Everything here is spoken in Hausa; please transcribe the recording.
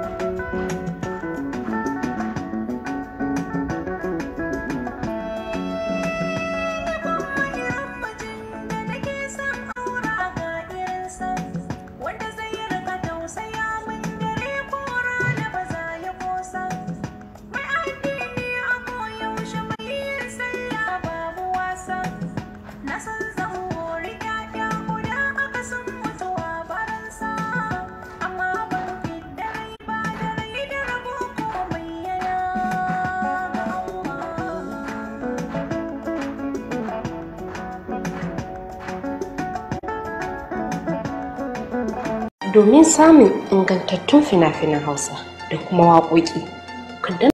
Thank you. domin samun ingantattun fina-finan Hausa da kuma waƙoƙi.